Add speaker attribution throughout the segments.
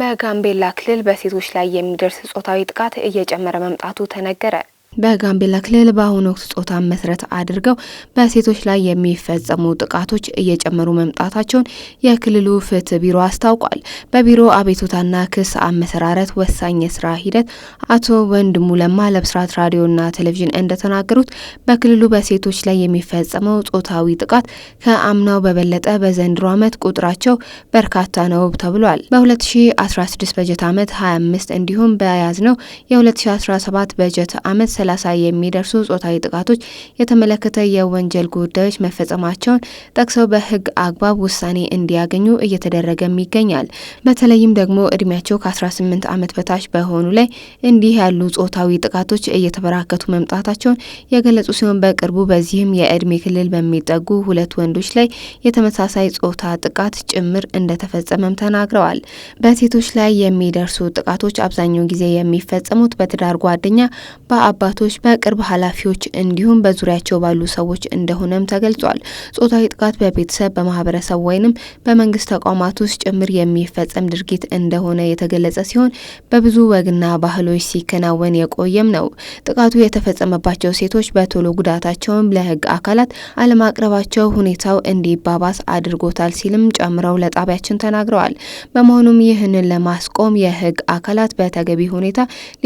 Speaker 1: በጋምቤላ ክልል በሴቶች ላይ የሚደርስ ጾታዊ ጥቃት እየጨመረ መምጣቱ ተነገረ። በጋምቤላ ክልል በአሁኑ ወቅት ጾታን መሰረት አድርገው በሴቶች ላይ የሚፈጸሙ ጥቃቶች እየጨመሩ መምጣታቸውን የክልሉ ፍትህ ቢሮ አስታውቋል። በቢሮ አቤቱታና ክስ አመሰራረት ወሳኝ የስራ ሂደት አቶ ወንድሙ ለማ ለብስራት ራዲዮና ቴሌቪዥን እንደተናገሩት በክልሉ በሴቶች ላይ የሚፈጸመው ጾታዊ ጥቃት ከአምናው በበለጠ በዘንድሮ ዓመት ቁጥራቸው በርካታ ነው ተብሏል። በ2016 በጀት ዓመት 25 እንዲሁም በያዝ ነው የ2017 በጀት ዓመት ሰላሳ የሚደርሱ ጾታዊ ጥቃቶች የተመለከተ የወንጀል ጉዳዮች መፈጸማቸውን ጠቅሰው በህግ አግባብ ውሳኔ እንዲያገኙ እየተደረገም ይገኛል። በተለይም ደግሞ እድሜያቸው ከ18 ዓመት በታች በሆኑ ላይ እንዲህ ያሉ ጾታዊ ጥቃቶች እየተበራከቱ መምጣታቸውን የገለጹ ሲሆን በቅርቡ በዚህም የእድሜ ክልል በሚጠጉ ሁለት ወንዶች ላይ የተመሳሳይ ጾታ ጥቃት ጭምር እንደተፈጸመም ተናግረዋል። በሴቶች ላይ የሚደርሱ ጥቃቶች አብዛኛውን ጊዜ የሚፈጸሙት በትዳር ጓደኛ፣ በአባ ጥቃቶች በቅርብ ኃላፊዎች እንዲሁም በዙሪያቸው ባሉ ሰዎች እንደሆነም ተገልጿል። ጾታዊ ጥቃት በቤተሰብ በማህበረሰብ ወይንም በመንግስት ተቋማት ውስጥ ጭምር የሚፈጸም ድርጊት እንደሆነ የተገለጸ ሲሆን በብዙ ወግና ባህሎች ሲከናወን የቆየም ነው። ጥቃቱ የተፈጸመባቸው ሴቶች በቶሎ ጉዳታቸውን ለህግ አካላት አለማቅረባቸው ሁኔታው እንዲባባስ አድርጎታል ሲልም ጨምረው ለጣቢያችን ተናግረዋል። በመሆኑም ይህንን ለማስቆም የህግ አካላት በተገቢ ሁኔታ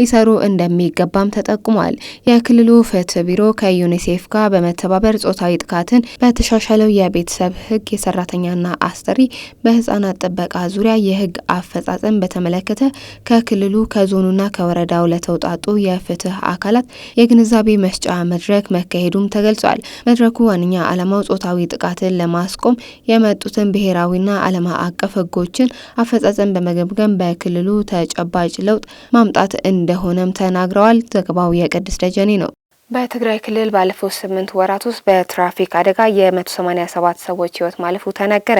Speaker 1: ሊሰሩ እንደሚገባም ተጠቁሟል። ገልጿል። የክልሉ ፍትህ ቢሮ ከዩኒሴፍ ጋር በመተባበር ጾታዊ ጥቃትን በተሻሻለው የቤተሰብ ህግ የሰራተኛና አስተሪ በህጻናት ጥበቃ ዙሪያ የህግ አፈጻጸም በተመለከተ ከክልሉ ከዞኑና ከወረዳው ለተውጣጡ የፍትህ አካላት የግንዛቤ መስጫ መድረክ መካሄዱም ተገልጿል። መድረኩ ዋነኛ ዓላማው ጾታዊ ጥቃትን ለማስቆም የመጡትን ብሔራዊና ዓለም አቀፍ ህጎችን አፈጻጸም በመገምገም በክልሉ ተጨባጭ ለውጥ ማምጣት እንደሆነም ተናግረዋል። ዘገባው የቀ ቅድስ ደጀኔ ነው።
Speaker 2: በትግራይ ክልል ባለፈው ስምንት ወራት ውስጥ በትራፊክ አደጋ የ187 ሰዎች ህይወት ማለፉ ተነገረ።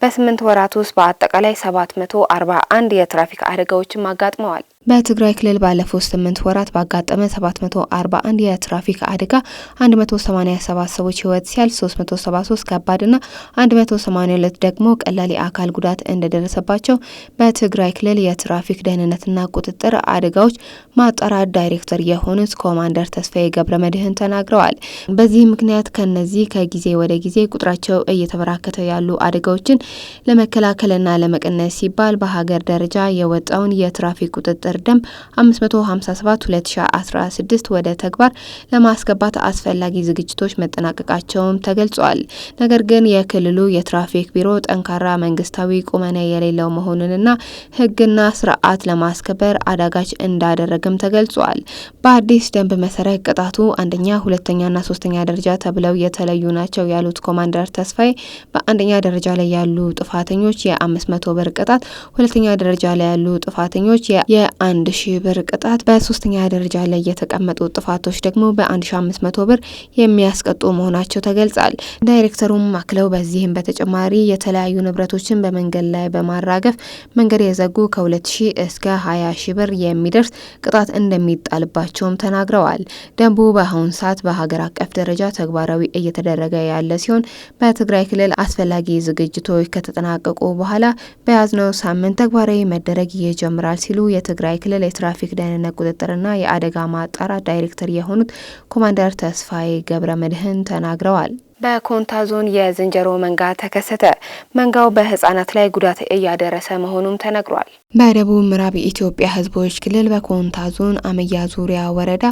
Speaker 2: በስምንት ወራት ውስጥ በአጠቃላይ 741 የትራፊክ አደጋዎችም አጋጥመዋል።
Speaker 1: በትግራይ ክልል ባለፈው ስምንት ወራት ባጋጠመ 741 የትራፊክ አደጋ 187 ሰዎች ህይወት ሲያል 373 ከባድና 182 ደግሞ ቀላል የአካል ጉዳት እንደደረሰባቸው በትግራይ ክልል የትራፊክ ደህንነትና ቁጥጥር አደጋዎች ማጣራት ዳይሬክተር የሆኑት ኮማንደር ተስፋዬ ገብረ መድህን ተናግረዋል። በዚህ ምክንያት ከነዚህ ከጊዜ ወደ ጊዜ ቁጥራቸው እየተበራከተ ያሉ አደጋዎችን ለመከላከልና ለመቀነስ ሲባል በሀገር ደረጃ የወጣውን የትራፊክ ቁጥጥር አገር ደንብ 557/2016 ወደ ተግባር ለማስገባት አስፈላጊ ዝግጅቶች መጠናቀቃቸውም ተገልጿል። ነገር ግን የክልሉ የትራፊክ ቢሮ ጠንካራ መንግስታዊ ቁመና የሌለው መሆኑንና ህግና ስርዓት ለማስከበር አዳጋች እንዳደረግም ተገልጿል። በአዲስ ደንብ መሰረት ቅጣቱ አንደኛ፣ ሁለተኛና ሶስተኛ ደረጃ ተብለው የተለዩ ናቸው ያሉት ኮማንደር ተስፋዬ በአንደኛ ደረጃ ላይ ያሉ ጥፋተኞች የ 500 ብር ቅጣት፣ ሁለተኛ ደረጃ ላይ ያሉ ጥፋተኞች የ አንድ ሺህ ብር ቅጣት፣ በሶስተኛ ደረጃ ላይ የተቀመጡ ጥፋቶች ደግሞ በአንድ ሺ አምስት መቶ ብር የሚያስቀጡ መሆናቸው ተገልጿል። ዳይሬክተሩም አክለው በዚህም በተጨማሪ የተለያዩ ንብረቶችን በመንገድ ላይ በማራገፍ መንገድ የዘጉ ከ ሺህ እስከ ሀያ ሺህ ብር የሚደርስ ቅጣት እንደሚጣልባቸውም ተናግረዋል። ደንቡ በአሁኑ ሰዓት በሀገር አቀፍ ደረጃ ተግባራዊ እየተደረገ ያለ ሲሆን በትግራይ ክልል አስፈላጊ ዝግጅቶች ከተጠናቀቁ በኋላ በያዝነው ሳምንት ተግባራዊ መደረግ ይጀምራል ሲሉ የትግራይ ብሔራዊ ክልል የትራፊክ ደህንነት ቁጥጥርና የአደጋ ማጣራት ዳይሬክተር የሆኑት ኮማንደር ተስፋዬ ገብረ መድህን ተናግረዋል።
Speaker 2: በኮንታ ዞን የዝንጀሮ መንጋ ተከሰተ። መንጋው በህጻናት ላይ ጉዳት እያደረሰ መሆኑም ተነግሯል።
Speaker 1: በደቡብ ምዕራብ ኢትዮጵያ ህዝቦች ክልል በኮንታ ዞን አመያ ዙሪያ ወረዳ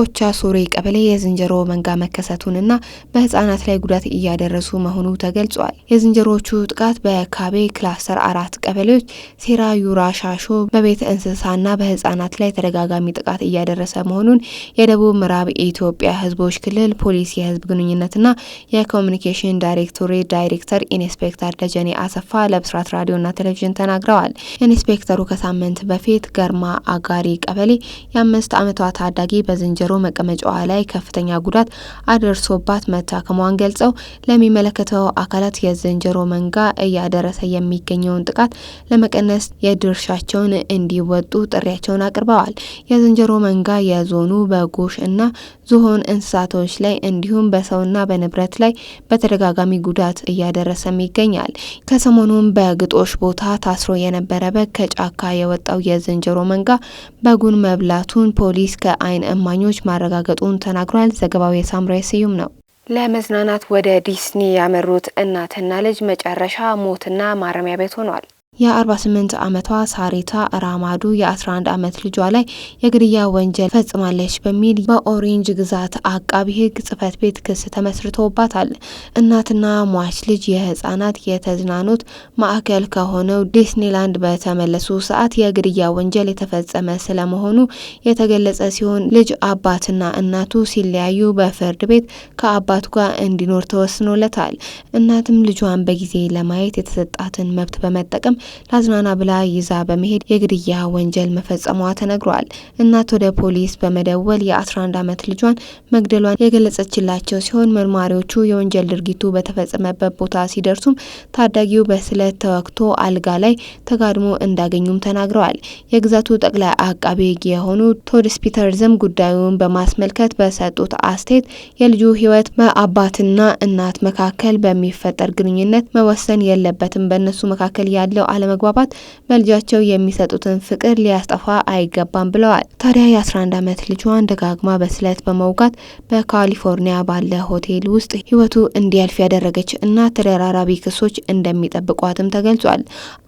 Speaker 1: ኦቻ ሱሪ ቀበሌ የዝንጀሮ መንጋ መከሰቱንና በህጻናት ላይ ጉዳት እያደረሱ መሆኑ ተገልጿል። የዝንጀሮቹ ጥቃት በካቤ ክላስተር አራት ቀበሌዎች ሴራ፣ ዩራ፣ ሻሾ በቤት እንስሳና በህጻናት ላይ ተደጋጋሚ ጥቃት እያደረሰ መሆኑን የደቡብ ምዕራብ ኢትዮጵያ ህዝቦች ክልል ፖሊስ የህዝብ ግንኙነትና የኮሚኒኬሽን ዳይሬክቶሬት ዳይሬክተር ኢንስፔክተር ደጀኔ አሰፋ ለብስራት ራዲዮና ቴሌቪዥን ተናግረዋል። ኢንስፔክተሩ ከሳምንት በፊት ገርማ አጋሪ ቀበሌ የአምስት ዓመቷ ታዳጊ በዝንጀሮ መቀመጫዋ ላይ ከፍተኛ ጉዳት አድርሶባት መታከሟን ገልጸው ለሚመለከተው አካላት የዝንጀሮ መንጋ እያደረሰ የሚገኘውን ጥቃት ለመቀነስ የድርሻቸውን እንዲወጡ ጥሪያቸውን አቅርበዋል። የዝንጀሮ መንጋ የዞኑ በጎሽ እና ዝሆን እንስሳቶች ላይ እንዲሁም በሰውና በንብረት ላይ በተደጋጋሚ ጉዳት እያደረሰም ይገኛል። ከሰሞኑም በግጦሽ ቦታ ታስሮ የነበረ በግ ከጫካ የወጣው የዝንጀሮ መንጋ በጉን መብላቱን ፖሊስ ከአይን እማኞች ማረጋገጡን ተናግሯል። ዘገባው የሳምራይ ስዩም ነው።
Speaker 2: ለመዝናናት ወደ ዲስኒ ያመሩት እናትና ልጅ መጨረሻ ሞትና ማረሚያ ቤት ሆኗል።
Speaker 1: የ48 ዓመቷ ሳሪታ ራማዱ የ11 ዓመት ልጇ ላይ የግድያ ወንጀል ፈጽማለች በሚል በኦሬንጅ ግዛት አቃቢ ሕግ ጽህፈት ቤት ክስ ተመስርቶባታል። እናትና ሟች ልጅ የህጻናት የተዝናኖት ማዕከል ከሆነው ዲስኒላንድ በተመለሱ ሰዓት የግድያ ወንጀል የተፈጸመ ስለመሆኑ የተገለጸ ሲሆን ልጅ አባትና እናቱ ሲለያዩ በፍርድ ቤት ከአባቱ ጋር እንዲኖር ተወስኖለታል። እናትም ልጇን በጊዜ ለማየት የተሰጣትን መብት በመጠቀም ላዝናና ብላ ይዛ በመሄድ የግድያ ወንጀል መፈጸሟ ተነግሯል። እናት ወደ ፖሊስ በመደወል የ11 ዓመት ልጇን መግደሏን የገለጸችላቸው ሲሆን መርማሪዎቹ የወንጀል ድርጊቱ በተፈጸመበት ቦታ ሲደርሱም ታዳጊው በስለት ተወግቶ አልጋ ላይ ተጋድሞ እንዳገኙም ተናግረዋል። የግዛቱ ጠቅላይ አቃቤ ሕግ የሆኑ ቶድ ስፒተርዝም ጉዳዩን በማስመልከት በሰጡት አስተያየት የልጁ ሕይወት በአባትና እናት መካከል በሚፈጠር ግንኙነት መወሰን የለበትም። በእነሱ መካከል ያለው አለመግባባት በልጃቸው የሚሰጡትን ፍቅር ሊያስጠፋ አይገባም ብለዋል። ታዲያ የ11 ዓመት ልጇን ደጋግማ በስለት በመውጋት በካሊፎርኒያ ባለ ሆቴል ውስጥ ሕይወቱ እንዲያልፍ ያደረገች እና ተደራራቢ ክሶች እንደሚጠብቋትም ተገልጿል።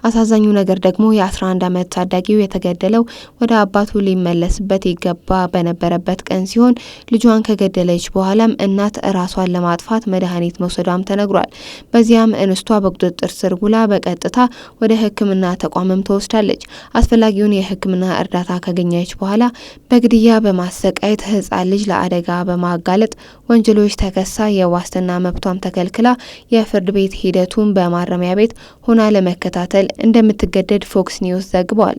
Speaker 1: አሳዛኙ ነገር ደግሞ የ11 ዓመት ታዳጊው የተገደለው ወደ አባቱ ሊመለስበት ይገባ በነበረበት ቀን ሲሆን ልጇን ከገደለች በኋላም እናት ራሷን ለማጥፋት መድኃኒት መውሰዷም ተነግሯል። በዚያም እንስቷ በቁጥጥር ስር ውላ በቀጥታ ወደ ሕክምና ተቋምም ተወስዳለች። አስፈላጊውን የሕክምና እርዳታ ካገኘች በኋላ በግድያ በማሰቃየት ሕጻን ልጅ ለአደጋ በማጋለጥ ወንጀሎች ተከሳ የዋስትና መብቷም ተከልክላ የፍርድ ቤት ሂደቱን በማረሚያ ቤት ሆና ለመከታተል እንደምትገደድ ፎክስ ኒውስ ዘግቧል።